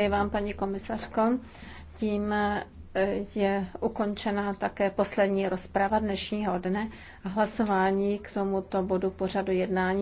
Děkuji vám, paní komisařko. Tím eh, je ukončena také poslední rozprava dnešního dne a hlasování k tomuto bodu pořadu jednání.